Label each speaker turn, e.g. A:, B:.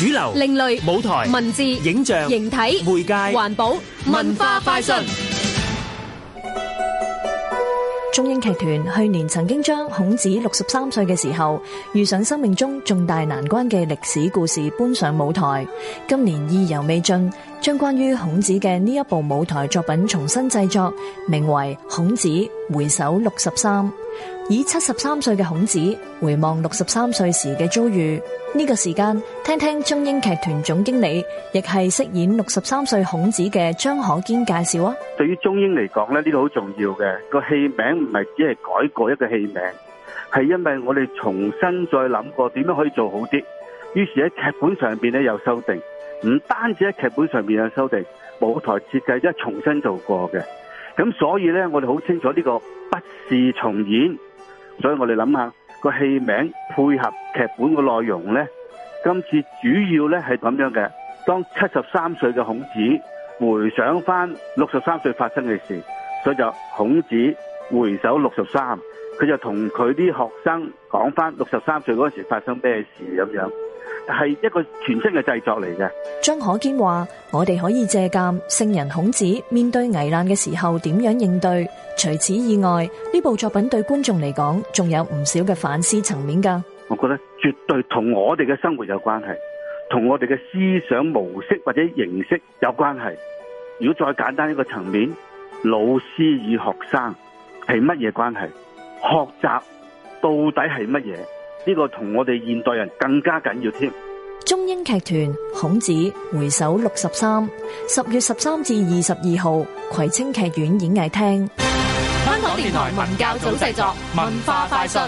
A: 主流、另類舞台、文字、影像、形體、媒介、環保、文化快訊。中英劇團去年曾經將孔子六十三歲嘅時候遇上生命中重大難關嘅歷史故事搬上舞台，今年意猶未盡，將關於孔子嘅呢一部舞台作品重新製作，名為《孔子回首六十三》。以七十三歲嘅孔子回望六十三歲時嘅遭遇呢個時間，聽聽中英劇團總經理亦係飾演六十三歲孔子嘅張可堅
B: 介紹啊。對於中英嚟講咧，呢個好重要嘅個戲名唔係只係改過一個戲名，係因為我哋重新再諗過點樣可以做好啲，於是喺劇本上邊咧有修訂，唔單止喺劇本上邊有修訂，舞台設計一重新做過嘅。咁所以呢，我哋好清楚呢個不是重演，所以我哋諗下個戲名配合劇本嘅內容呢，今次主要呢係咁樣嘅，當七十三歲嘅孔子回想翻六十三歲發生嘅事，所以就孔子回首六十三，佢就同佢啲學生講翻六十三歲嗰時發生咩事咁樣。係一個全新嘅製作嚟嘅。
A: 張可堅話，我哋可以借鑒聖人孔子面對危難嘅時候點樣應對。除此以外，呢部作品對觀眾嚟講，仲有唔少嘅反思層面噶。
B: 我覺得絕對同我哋嘅生活有關係，同我哋嘅思想模式或者形式有關係。如果再簡單一個層面，老師與學生係乜嘢關係？學習到底係乜嘢？呢、這個同我哋現代人更加緊要添。
A: 中英劇團《孔子回首六十三》，十月十三至二十二號，葵青劇院演藝廳。
B: 香港 電台文教組製作，文化快訊。